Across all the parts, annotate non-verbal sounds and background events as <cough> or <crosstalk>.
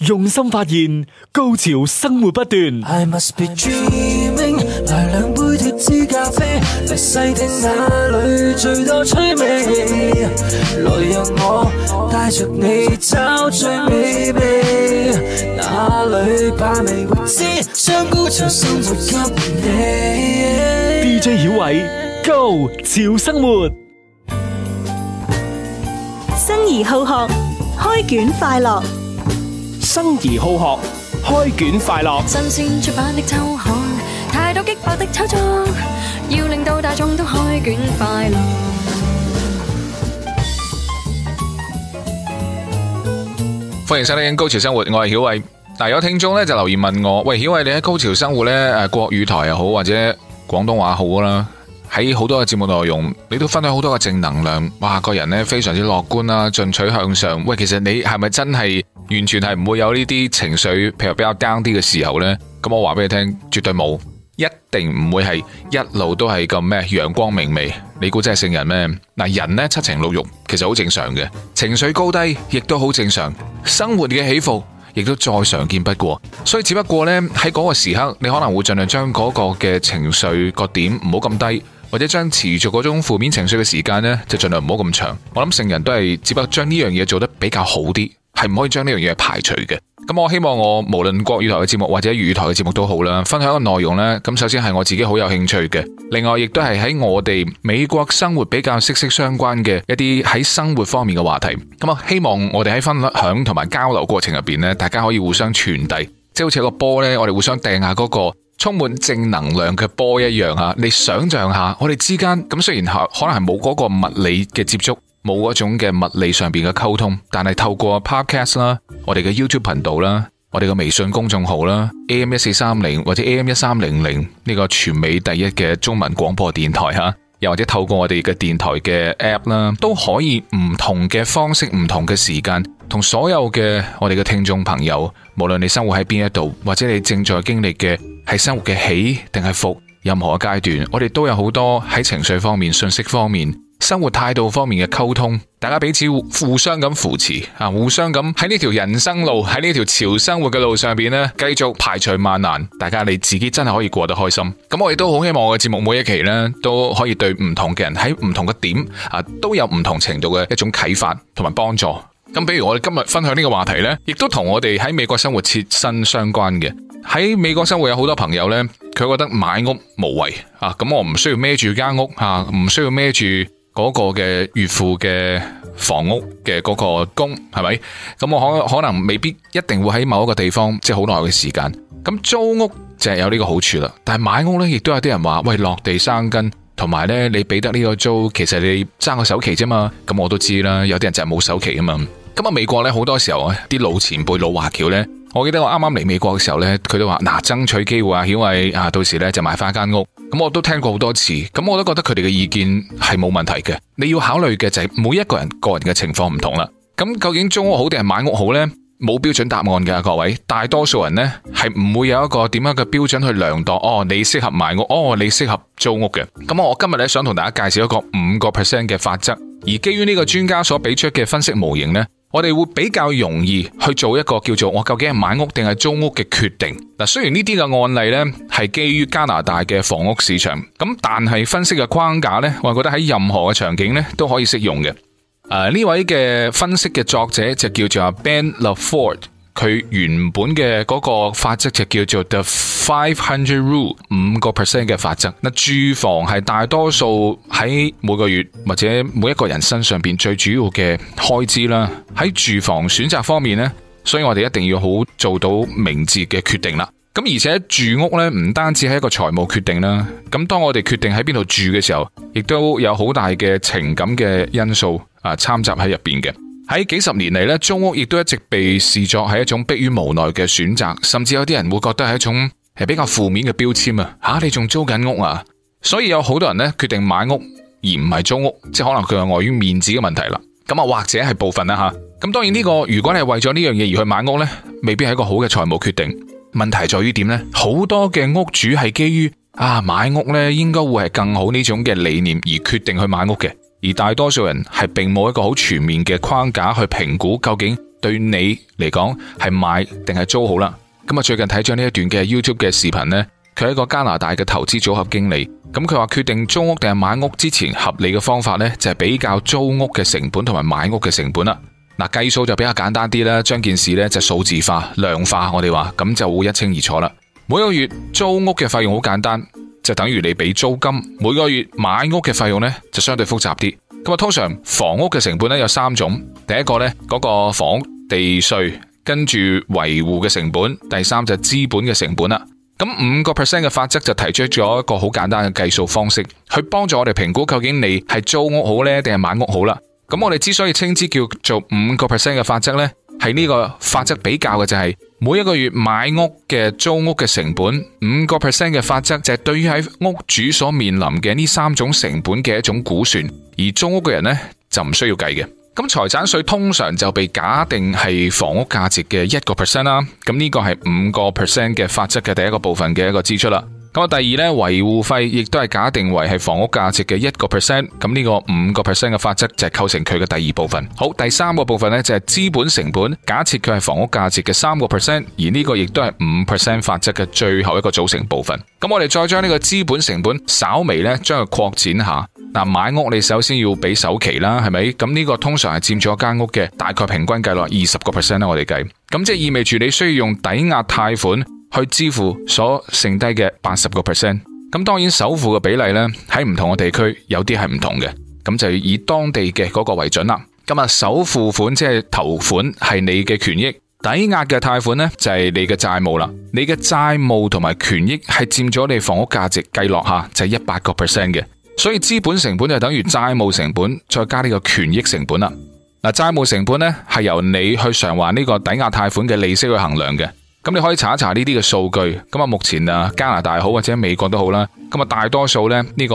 用心發現，高潮生活不斷。I must be dreaming，來兩杯脫脂咖啡，來細聽哪裏最多趣味。來讓我帶着你找最美味，哪裏把味知？將高潮生活給你。DJ 小偉，高潮生活，生而好學，開卷快樂。生而好學，開卷快樂。新鮮出版的周刊，太多激爆的炒作，要令到大眾都開卷快樂。 <music> 歡迎收聽《高潮生活》，我係曉偉。但有聽眾呢，就留言問我：喂，曉偉，你喺《高潮生活》呢，誒，國語台又好，或者廣東話好啦，喺好多嘅節目內容，你都分享好多嘅正能量。哇，個人呢，非常之樂觀啊，進取向上。喂，其實你係咪真係？完全係唔會有呢啲情緒，譬如，比較 down 啲嘅時候呢？咁我話俾你聽，絕對冇，一定唔會係一路都係咁咩陽光明媚。你估真係聖人咩？嗱，人呢，七情六欲，其實好正常嘅，情緒高低亦都好正常，生活嘅起伏亦都再常見不過。所以只不過呢，喺嗰個時刻，你可能會盡量將嗰個嘅情緒個點唔好咁低，或者將持續嗰種負面情緒嘅時間呢，就盡量唔好咁長。我諗聖人都係只不過將呢樣嘢做得比較好啲。係唔可以將呢樣嘢排除嘅，咁我希望我無論國語台嘅節目或者粵語台嘅節目都好啦，分享個內容咧。咁首先係我自己好有興趣嘅，另外亦都係喺我哋美國生活比較息息相關嘅一啲喺生活方面嘅話題。咁啊，希望我哋喺分享同埋交流過程入邊呢，大家可以互相傳遞，即係好似個波呢，我哋互相掟下嗰個充滿正能量嘅波一樣啊！你想象下我，我哋之間咁雖然可能係冇嗰個物理嘅接觸。冇嗰種嘅物理上邊嘅溝通，但係透過 podcast 啦，我哋嘅 YouTube 頻道啦，我哋嘅微信公眾號啦，AM 一四三零或者 AM 一三零零呢個全美第一嘅中文廣播電台吓，又或者透過我哋嘅電台嘅 app 啦，都可以唔同嘅方式、唔同嘅時間，同所有嘅我哋嘅聽眾朋友，無論你生活喺邊一度，或者你正在經歷嘅係生活嘅起定係福，任何階段，我哋都有好多喺情緒方面、信息方面。生活態度方面嘅溝通，大家彼此互相咁扶持啊，互相咁喺呢條人生路喺呢條潮生活嘅路上邊咧，繼續排除萬難，大家你自己真係可以過得開心。咁 <music> 我亦都好希望我嘅節目每一期呢，都可以對唔同嘅人喺唔同嘅點啊都有唔同程度嘅一種啟發同埋幫助。咁比如我哋今日分享呢個話題呢，亦都同我哋喺美國生活切身相關嘅。喺美國生活有好多朋友呢，佢覺得買屋無謂啊，咁我唔需要孭住間屋啊，唔需要孭住。嗰個嘅月付嘅房屋嘅嗰個供係咪？咁我可可能未必一定會喺某一個地方，即係好耐嘅時間。咁租屋就係有呢個好處啦。但係買屋呢，亦都有啲人話喂落地生根，同埋呢，你俾得呢個租，其實你爭個首期啫嘛。咁我都知啦，有啲人就係冇首期啊嘛。咁啊，美國呢，好多時候啲老前輩老華僑呢。我記得我啱啱嚟美國嘅時候呢，佢都話嗱、啊，爭取機會啊，曉偉啊，到時呢，就買翻間屋。咁我都聽過好多次，咁我都覺得佢哋嘅意見係冇問題嘅。你要考慮嘅就係每一個人個人嘅情況唔同啦。咁究竟租屋好定係買屋好呢？冇標準答案嘅、啊，各位。大多數人呢係唔會有一個點樣嘅標準去量度哦，你適合買屋，哦，你適合租屋嘅。咁我今日呢，想同大家介紹一個五個 percent 嘅法則，而基於呢個專家所俾出嘅分析模型呢。我哋會比較容易去做一個叫做我究竟係買屋定係租屋嘅決定。嗱，雖然呢啲嘅案例咧係基於加拿大嘅房屋市場，咁但係分析嘅框架咧，我係覺得喺任何嘅場景咧都可以適用嘅。呢位嘅分析嘅作者就叫做阿 Ben LaFord 佢原本嘅嗰個法則就叫做 The 500 Rule，五個 percent 嘅法則。嗱，住房係大多數喺每個月或者每一個人身上邊最主要嘅開支啦。喺住房選擇方面咧，所以我哋一定要好做到明智嘅決定啦。咁而且住屋咧唔單止係一個財務決定啦。咁當我哋決定喺邊度住嘅時候，亦都有好大嘅情感嘅因素啊摻雜喺入邊嘅。喺幾十年嚟咧，租屋亦都一直被視作係一種迫於無奈嘅選擇，甚至有啲人會覺得係一種係比較負面嘅標籤啊！吓，你仲租緊屋啊？所以有好多人呢決定買屋而唔係租屋，即可能佢係礙於面子嘅問題啦。咁啊，或者係部分啦吓。咁、啊、當然呢個，如果你係為咗呢樣嘢而去買屋呢，未必係一個好嘅財務決定。問題在於點呢？好多嘅屋主係基於啊買屋呢應該會係更好呢種嘅理念而決定去買屋嘅。而大多數人係並冇一個好全面嘅框架去評估究竟對你嚟講係買定係租好啦。咁啊，最近睇咗呢一段嘅 YouTube 嘅視頻呢，佢係一個加拿大嘅投資組合經理。咁佢話決定租屋定係買屋之前，合理嘅方法呢就係比較租屋嘅成本同埋買屋嘅成本啦。嗱，計數就比較簡單啲啦，將件事呢就數字化、量化，我哋話咁就會一清二楚啦。每個月租屋嘅費用好簡單。就等於你俾租金，每個月買屋嘅費用咧就相對複雜啲。咁啊，通常房屋嘅成本咧有三種，第一個咧嗰個房屋地稅，跟住維護嘅成本，第三就係資本嘅成本啦。咁五個 percent 嘅法則就提出咗一個好簡單嘅計數方式，去幫助我哋評估究竟你係租屋好呢定係買屋好啦。咁我哋之所以稱之叫做五個 percent 嘅法則呢，係呢個法則比較嘅就係。每一個月買屋嘅租屋嘅成本，五個 percent 嘅法則就係對於喺屋主所面臨嘅呢三種成本嘅一種估算，而租屋嘅人呢，就唔需要計嘅。咁財產稅通常就被假定係房屋價值嘅一個 percent 啦。咁呢個係五個 percent 嘅法則嘅第一個部分嘅一個支出啦。咁第二咧，維護費亦都係假定為係房屋價值嘅一個 percent，咁呢個五個 percent 嘅法則就係構成佢嘅第二部分。好，第三個部分咧就係資本成本，假設佢係房屋價值嘅三個 percent，而呢個亦都係五 percent 法則嘅最後一個組成部分。咁我哋再將呢個資本成本稍微咧將佢擴展下。嗱，買屋你首先要俾首期啦，係咪？咁呢個通常係佔咗間屋嘅大概平均計落二十個 percent，我哋計。咁即係意味住你需要用抵押貸款。去支付所剩低嘅八十個 percent，咁當然首付嘅比例咧喺唔同嘅地區有啲係唔同嘅，咁就以當地嘅嗰個為準啦。今日首付款即係頭款係你嘅權益，抵押嘅貸款咧就係你嘅債務啦。你嘅債務同埋權益係佔咗你房屋價值計落吓，就係一百個 percent 嘅，所以資本成本就等於債務成本再加呢個權益成本啦。嗱，債務成本咧係由你去償還呢個抵押貸款嘅利息去衡量嘅。咁你可以查一查呢啲嘅數據，咁啊目前啊加拿大好或者美國都好啦，咁啊大多數咧呢個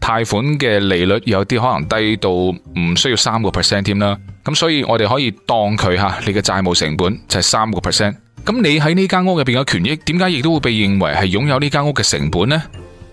貸款嘅利率有啲可能低到唔需要三個 percent 添啦，咁所以我哋可以當佢吓你嘅債務成本就係三個 percent，咁你喺呢間屋入邊嘅權益點解亦都會被認為係擁有呢間屋嘅成本呢？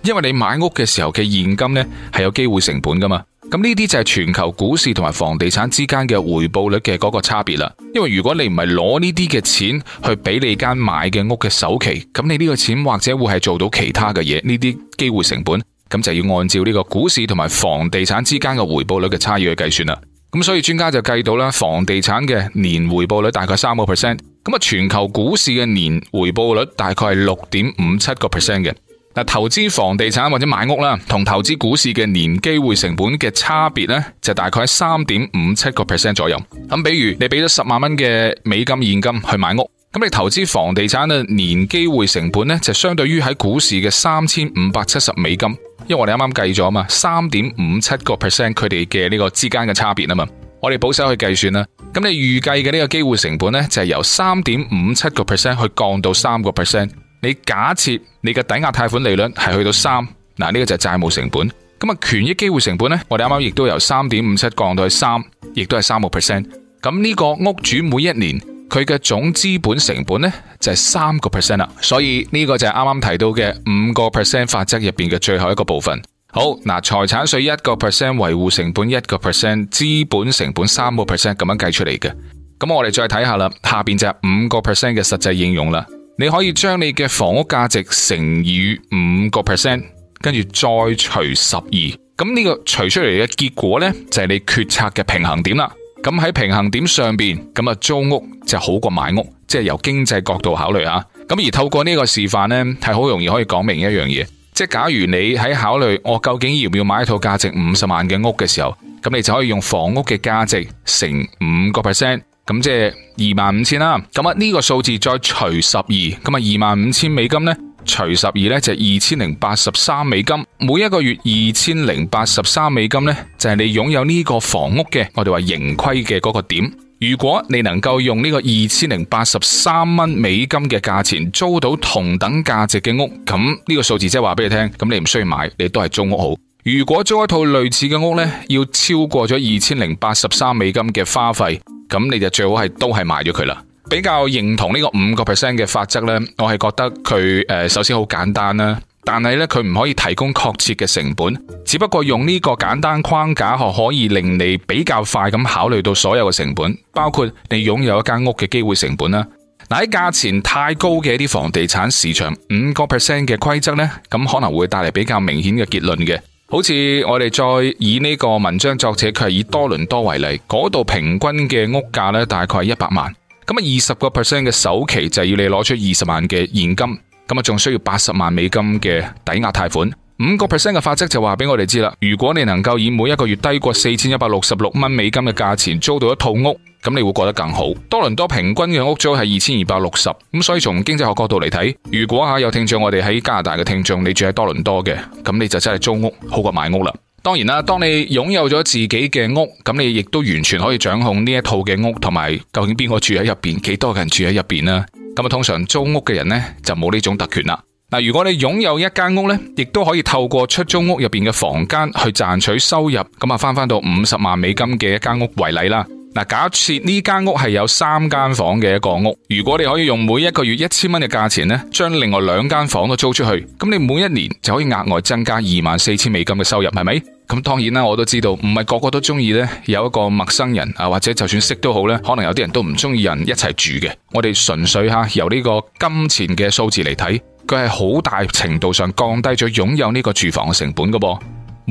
因為你買屋嘅時候嘅現金呢係有機會成本噶嘛。咁呢啲就係全球股市同埋房地產之間嘅回報率嘅嗰個差別啦。因為如果你唔係攞呢啲嘅錢去俾你間買嘅屋嘅首期，咁你呢個錢或者會係做到其他嘅嘢，呢啲機會成本，咁就要按照呢個股市同埋房地產之間嘅回報率嘅差異去計算啦。咁所以專家就計到啦，房地產嘅年回報率大概三個 percent，咁啊全球股市嘅年回報率大概係六點五七個 percent 嘅。嗱，投資房地產或者買屋啦，同投資股市嘅年機會成本嘅差別咧，就大概喺三點五七個 percent 左右。咁，比如你俾咗十萬蚊嘅美金現金去買屋，咁你投資房地產嘅年機會成本咧，就相對於喺股市嘅三千五百七十美金，因為我哋啱啱計咗啊嘛，三點五七個 percent 佢哋嘅，呢個之間嘅差別啊嘛，我哋保守去計算啦。咁你預計嘅呢個機會成本咧，就係由三點五七個 percent 去降到三個 percent。你假設你嘅抵押貸款利率係去到三，嗱，呢個就係債務成本。咁啊權益機會成本呢，我哋啱啱亦都由三點五七降到去三，亦都係三個 percent。咁、這、呢個屋主每一年佢嘅總資本成本呢，就係三個 percent 啦。所以呢個就係啱啱提到嘅五個 percent 法則入邊嘅最後一個部分。好嗱，財產稅一個 percent 維護成本一個 percent 資本成本三個 percent 咁樣計出嚟嘅。咁我哋再睇下啦，下邊就係五個 percent 嘅實際應用啦。你可以將你嘅房屋價值乘以五個 percent，跟住再除十二，咁呢個除出嚟嘅結果呢，就係你決策嘅平衡點啦。咁喺平衡點上邊，咁啊租屋就好過買屋，即係由經濟角度考慮啊。咁而透過呢個示範呢，係好容易可以講明一樣嘢，即係假如你喺考慮我究竟要唔要買一套價值五十萬嘅屋嘅時候，咁你就可以用房屋嘅價值乘五個 percent。咁即係二萬五千啦。咁啊呢個數字再除十二，咁啊二萬五千美金呢，除十二呢，就係二千零八十三美金。每一個月二千零八十三美金呢，就係你擁有呢個房屋嘅，我哋話盈虧嘅嗰個點。如果你能夠用呢個二千零八十三蚊美金嘅價錢租到同等價值嘅屋，咁呢個數字即係話俾你聽，咁你唔需要買，你都係租屋好。如果租一套類似嘅屋呢，要超過咗二千零八十三美金嘅花費。咁你就最好係都係賣咗佢啦。比較認同呢個五個 percent 嘅法則呢，我係覺得佢誒，首先好簡單啦。但係呢，佢唔可以提供確切嘅成本，只不過用呢個簡單框架，可以令你比較快咁考慮到所有嘅成本，包括你擁有一間屋嘅機會成本啦。嗱，喺價錢太高嘅一啲房地產市場，五個 percent 嘅規則呢，咁可能會帶嚟比較明顯嘅結論嘅。好似我哋再以呢個文章作者，佢係以多倫多為例，嗰度平均嘅屋價咧，大概係一百萬，咁啊二十個 percent 嘅首期就要你攞出二十萬嘅現金，咁啊仲需要八十萬美金嘅抵押貸款，五個 percent 嘅法則就話俾我哋知啦，如果你能夠以每一個月低過四千一百六十六蚊美金嘅價錢租到一套屋。咁你會過得更好。多倫多平均嘅屋租係二千二百六十，咁，所以從經濟學角度嚟睇，如果啊有聽眾我哋喺加拿大嘅聽眾，你住喺多倫多嘅，咁你就真係租屋好過買屋啦。當然啦，當你擁有咗自己嘅屋，咁你亦都完全可以掌控呢一套嘅屋同埋究竟邊個住喺入邊，幾多個人住喺入邊啦。咁啊，通常租屋嘅人呢，就冇呢種特權啦。嗱，如果你擁有一間屋呢，亦都可以透過出租屋入邊嘅房間去賺取收入。咁啊，翻翻到五十萬美金嘅一間屋為例啦。嗱，假設呢間屋係有三間房嘅一個屋，如果你可以用每一個月一千蚊嘅價錢咧，將另外兩間房都租出去，咁你每一年就可以額外增加二萬四千美金嘅收入，係咪？咁當然啦，我都知道唔係個個都中意咧，有一個陌生人啊，或者就算識都好咧，可能有啲人都唔中意人一齊住嘅。我哋純粹吓由呢個金錢嘅數字嚟睇，佢係好大程度上降低咗擁有呢個住房嘅成本噶噃。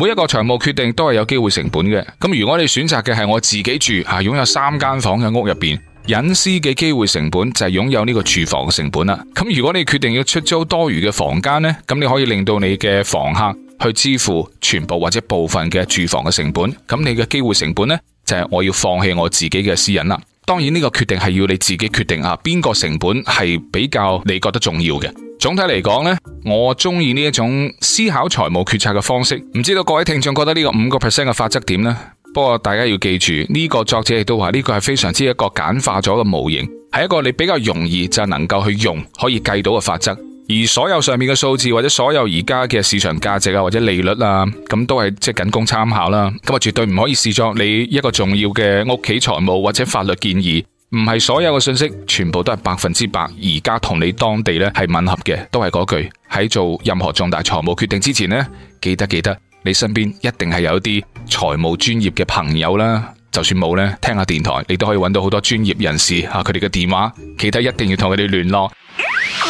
每一個財務決定都係有機會成本嘅，咁如果你選擇嘅係我自己住，啊擁有三間房嘅屋入邊隱私嘅機會成本就係擁有呢個住房嘅成本啦。咁如果你決定要出租多餘嘅房間呢，咁你可以令到你嘅房客去支付全部或者部分嘅住房嘅成本，咁你嘅機會成本呢，就係、是、我要放棄我自己嘅私隱啦。當然呢個決定係要你自己決定啊，邊個成本係比較你覺得重要嘅。總體嚟講呢，我中意呢一種思考財務決策嘅方式。唔知道各位聽眾覺得呢個五個 percent 嘅法則點咧？不過大家要記住，呢個作者亦都話呢個係非常之一個簡化咗嘅模型，係一個你比較容易就能夠去用可以計到嘅法則。而所有上面嘅數字或者所有而家嘅市場價值啊，或者利率啊，咁都係即係僅供參考啦。咁啊絕對唔可以視作你一個重要嘅屋企財務或者法律建議。唔係所有嘅信息全部都係百分之百而家同你當地咧係吻合嘅，都係嗰句，喺做任何重大財務決定之前呢，記得記得你身邊一定係有一啲財務專業嘅朋友啦，就算冇呢，聽下電台你都可以揾到好多專業人士吓，佢哋嘅電話，記得一定要同佢哋聯絡。 <laughs>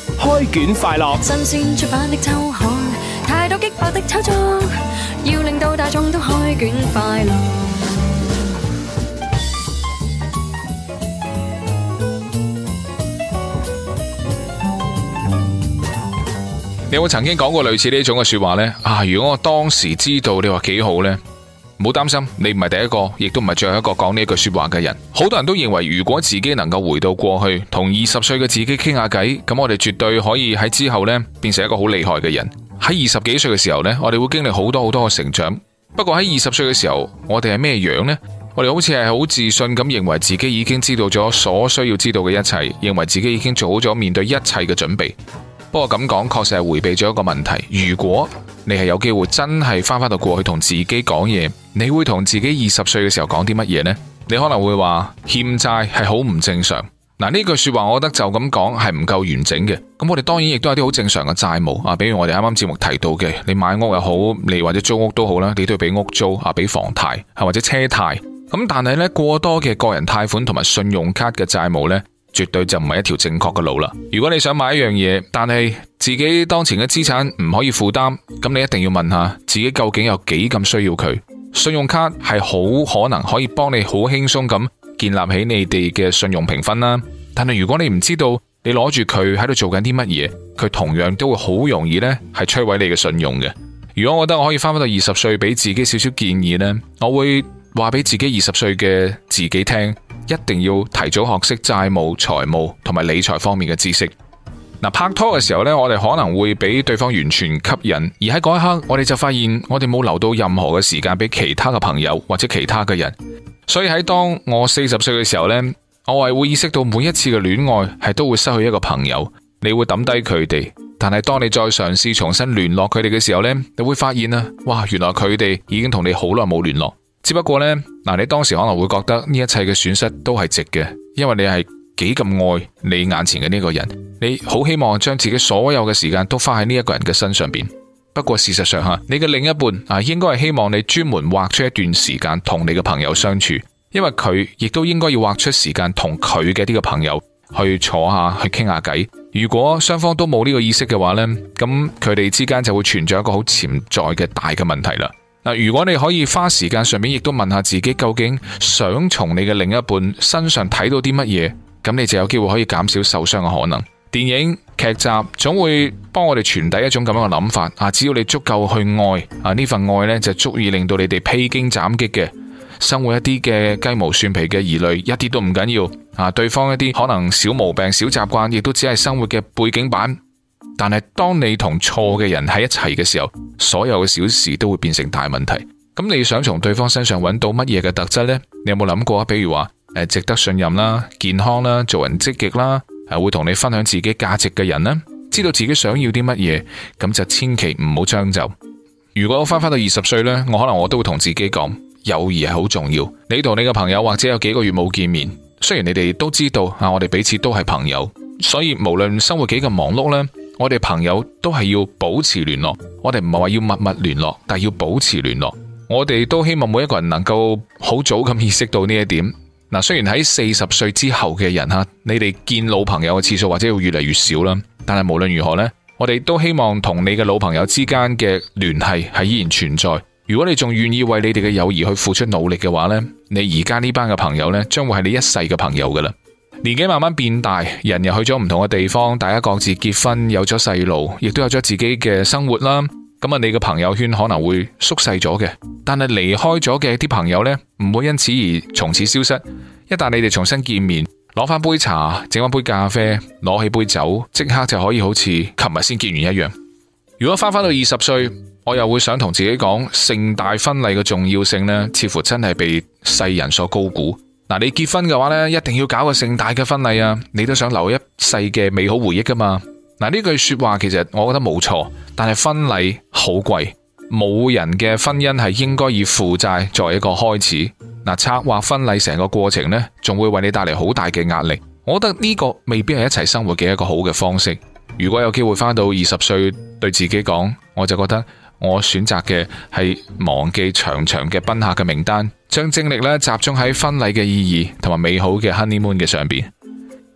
開卷快樂！新鮮出版的《秋海》，太多激薄的炒作，要令到大眾都開卷快樂。你有冇曾經講過類似呢種嘅説話呢？啊，如果我當時知道，你話幾好呢？唔好擔心，你唔係第一個，亦都唔係最後一個講呢句說話嘅人。好多人都認為，如果自己能夠回到過去，同二十歲嘅自己傾下偈，咁我哋絕對可以喺之後呢變成一個好厲害嘅人。喺二十幾歲嘅時候呢，我哋會經歷好多好多嘅成長。不過喺二十歲嘅時候，我哋係咩樣呢？我哋好似係好自信咁，認為自己已經知道咗所需要知道嘅一切，認為自己已經做好咗面對一切嘅準備。不過咁講，確實係回避咗一個問題。如果你係有機會真係返返到過去同自己講嘢，你會同自己二十歲嘅時候講啲乜嘢呢？你可能會話欠債係好唔正常。嗱呢句說話，我覺得就咁講係唔夠完整嘅。咁我哋當然亦都有啲好正常嘅債務啊，比如我哋啱啱節目提到嘅，你買屋又好，你或者租屋都好啦，你都要俾屋租啊，俾房貸，啊或者車貸。咁但係呢，過多嘅個人貸款同埋信用卡嘅債務呢。絕對就唔係一條正確嘅路啦。如果你想買一樣嘢，但係自己當前嘅資產唔可以負擔，咁你一定要問下自己究竟有幾咁需要佢。信用卡係好可能可以幫你好輕鬆咁建立起你哋嘅信用評分啦。但係如果你唔知道你攞住佢喺度做緊啲乜嘢，佢同樣都會好容易呢係摧毀你嘅信用嘅。如果我覺得我可以翻返到二十歲，俾自己少少建議呢，我會話俾自己二十歲嘅自己聽。一定要提早學識債務、財務同埋理財方面嘅知識。嗱，拍拖嘅時候咧，我哋可能會俾對方完全吸引，而喺嗰一刻，我哋就發現我哋冇留到任何嘅時間俾其他嘅朋友或者其他嘅人。所以喺當我四十歲嘅時候咧，我係會意識到每一次嘅戀愛係都會失去一個朋友，你會抌低佢哋，但係當你再嘗試重新聯絡佢哋嘅時候咧，你會發現啊，哇，原來佢哋已經同你好耐冇聯絡。只不過呢，嗱你當時可能會覺得呢一切嘅損失都係值嘅，因為你係幾咁愛你眼前嘅呢個人，你好希望將自己所有嘅時間都花喺呢一個人嘅身上邊。不過事實上吓，你嘅另一半啊，應該係希望你專門劃出一段時間同你嘅朋友相處，因為佢亦都應該要劃出時間同佢嘅呢個朋友去坐下去傾下偈。如果雙方都冇呢個意識嘅話呢，咁佢哋之間就會存在一個好潛在嘅大嘅問題啦。嗱，如果你可以花時間上面，亦都問下自己究竟想從你嘅另一半身上睇到啲乜嘢，咁你就有機會可以減少受傷嘅可能。電影劇集總會幫我哋傳遞一種咁樣嘅諗法啊，只要你足夠去愛啊，呢份愛呢就足以令到你哋披荊斬棘嘅生活。一啲嘅雞毛蒜皮嘅疑慮，一啲都唔緊要啊，對方一啲可能小毛病、小習慣，亦都只係生活嘅背景板。但係，當你同錯嘅人喺一齊嘅時候，所有嘅小事都會變成大問題。咁你想從對方身上揾到乜嘢嘅特質呢？你有冇諗過啊？比如話誒，值得信任啦，健康啦，做人積極啦，係會同你分享自己價值嘅人咧，知道自己想要啲乜嘢，咁就千祈唔好將就。如果我翻返到二十歲呢，我可能我都會同自己講，友誼係好重要。你同你嘅朋友或者有幾個月冇見面，雖然你哋都知道啊，我哋彼此都係朋友，所以無論生活幾咁忙碌呢。」我哋朋友都係要保持聯絡，我哋唔係話要密密聯絡，但係要保持聯絡。我哋都希望每一個人能夠好早咁意識到呢一點。嗱，雖然喺四十歲之後嘅人吓，你哋見老朋友嘅次數或者會越嚟越少啦，但係無論如何咧，我哋都希望同你嘅老朋友之間嘅聯繫係依然存在。如果你仲願意為你哋嘅友誼去付出努力嘅話咧，你而家呢班嘅朋友咧，將會係你一世嘅朋友噶啦。年紀慢慢變大，人又去咗唔同嘅地方，大家各自結婚，有咗細路，亦都有咗自己嘅生活啦。咁啊，你嘅朋友圈可能會縮細咗嘅，但係離開咗嘅啲朋友呢，唔會因此而從此消失。一旦你哋重新見面，攞翻杯茶，整翻杯咖啡，攞起杯酒，即刻就可以好似琴日先見完一樣。如果返返到二十歲，我又會想同自己講，盛大婚禮嘅重要性呢，似乎真係被世人所高估。嗱，你結婚嘅話咧，一定要搞個盛大嘅婚禮啊！你都想留一世嘅美好回憶噶嘛？嗱，呢句說話其實我覺得冇錯，但係婚禮好貴，冇人嘅婚姻係應該以負債作為一個開始。嗱，策劃婚禮成個過程呢，仲會為你帶嚟好大嘅壓力。我覺得呢個未必係一齊生活嘅一個好嘅方式。如果有機會翻到二十歲，對自己講，我就覺得。我選擇嘅係忘記長長嘅賓客嘅名單，將精力咧集中喺婚禮嘅意義同埋美好嘅 honeymoon 嘅上邊。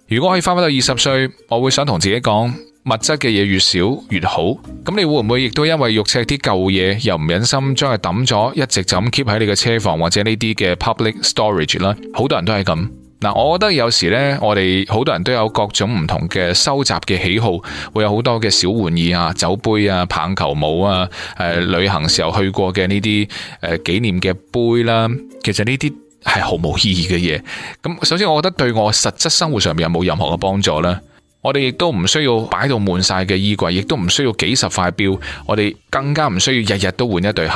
如果可以翻返到二十歲，我會想同自己講，物質嘅嘢越少越好。咁你會唔會亦都因為肉赤啲舊嘢，又唔忍心將佢抌咗，一直就咁 keep 喺你嘅車房或者呢啲嘅 public storage 呢？好多人都係咁。嗱，我覺得有時咧，我哋好多人都有各種唔同嘅收集嘅喜好，會有好多嘅小玩意啊、酒杯啊、棒球帽啊、誒、呃、旅行時候去過嘅呢啲誒紀念嘅杯啦。其實呢啲係毫無意義嘅嘢。咁首先，我覺得對我實質生活上面有冇任何嘅幫助咧？我哋亦都唔需要擺到滿晒嘅衣櫃，亦都唔需要幾十塊錶，我哋更加唔需要日日都換一對鞋。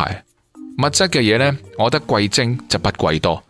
物質嘅嘢呢，我覺得貴精就不貴多。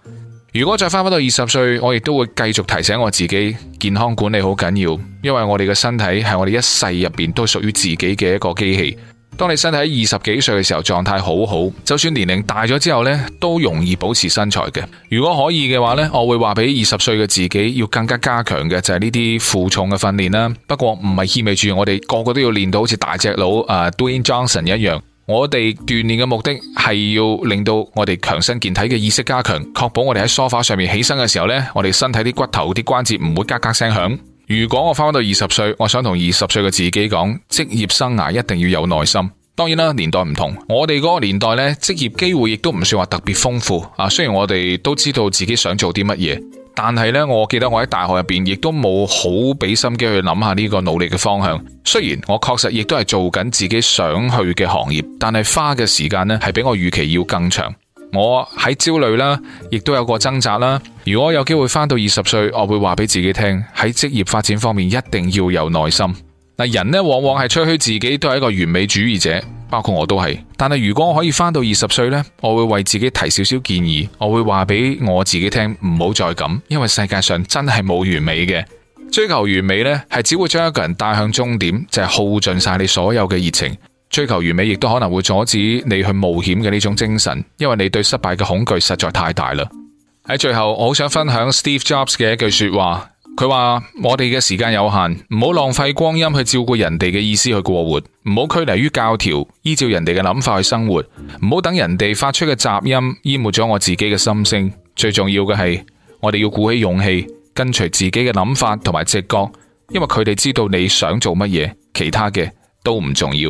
如果再返返到二十歲，我亦都會繼續提醒我自己健康管理好緊要，因為我哋嘅身體係我哋一世入邊都屬於自己嘅一個機器。當你身體喺二十幾歲嘅時候狀態好好，就算年齡大咗之後呢，都容易保持身材嘅。如果可以嘅話呢，我會話俾二十歲嘅自己要更加加強嘅就係呢啲負重嘅訓練啦。不過唔係意味住我哋個個都要練到好似大隻佬啊，Dwayne Johnson 一樣。我哋鍛煉嘅目的係要令到我哋強身健體嘅意識加強，確保我哋喺梳化上面起身嘅時候呢，我哋身體啲骨頭啲關節唔會嘎嘎聲響。如果我翻返到二十歲，我想同二十歲嘅自己講，職業生涯一定要有耐心。當然啦，年代唔同，我哋嗰個年代呢，職業機會亦都唔算話特別豐富啊。雖然我哋都知道自己想做啲乜嘢。但係咧，我記得我喺大學入邊，亦都冇好俾心機去諗下呢個努力嘅方向。雖然我確實亦都係做緊自己想去嘅行業，但係花嘅時間呢係比我預期要更長。我喺焦慮啦，亦都有過掙扎啦。如果有機會翻到二十歲，我會話俾自己聽：喺職業發展方面，一定要有耐心。嗱，人呢，往往係吹噓自己都係一個完美主義者。包括我都係，但係如果我可以翻到二十歲呢，我會為自己提少少建議，我會話俾我自己聽，唔好再咁，因為世界上真係冇完美嘅。追求完美呢，係只會將一個人帶向終點，就係、是、耗盡晒你所有嘅熱情。追求完美亦都可能會阻止你去冒險嘅呢種精神，因為你對失敗嘅恐懼實在太大啦。喺最後，我好想分享 Steve Jobs 嘅一句說話。佢話：我哋嘅時間有限，唔好浪費光陰去照顧人哋嘅意思去過活，唔好拘泥於教條，依照人哋嘅諗法去生活，唔好等人哋發出嘅雜音淹沒咗我自己嘅心聲。最重要嘅係，我哋要鼓起勇氣跟隨自己嘅諗法同埋直覺，因為佢哋知道你想做乜嘢，其他嘅都唔重要。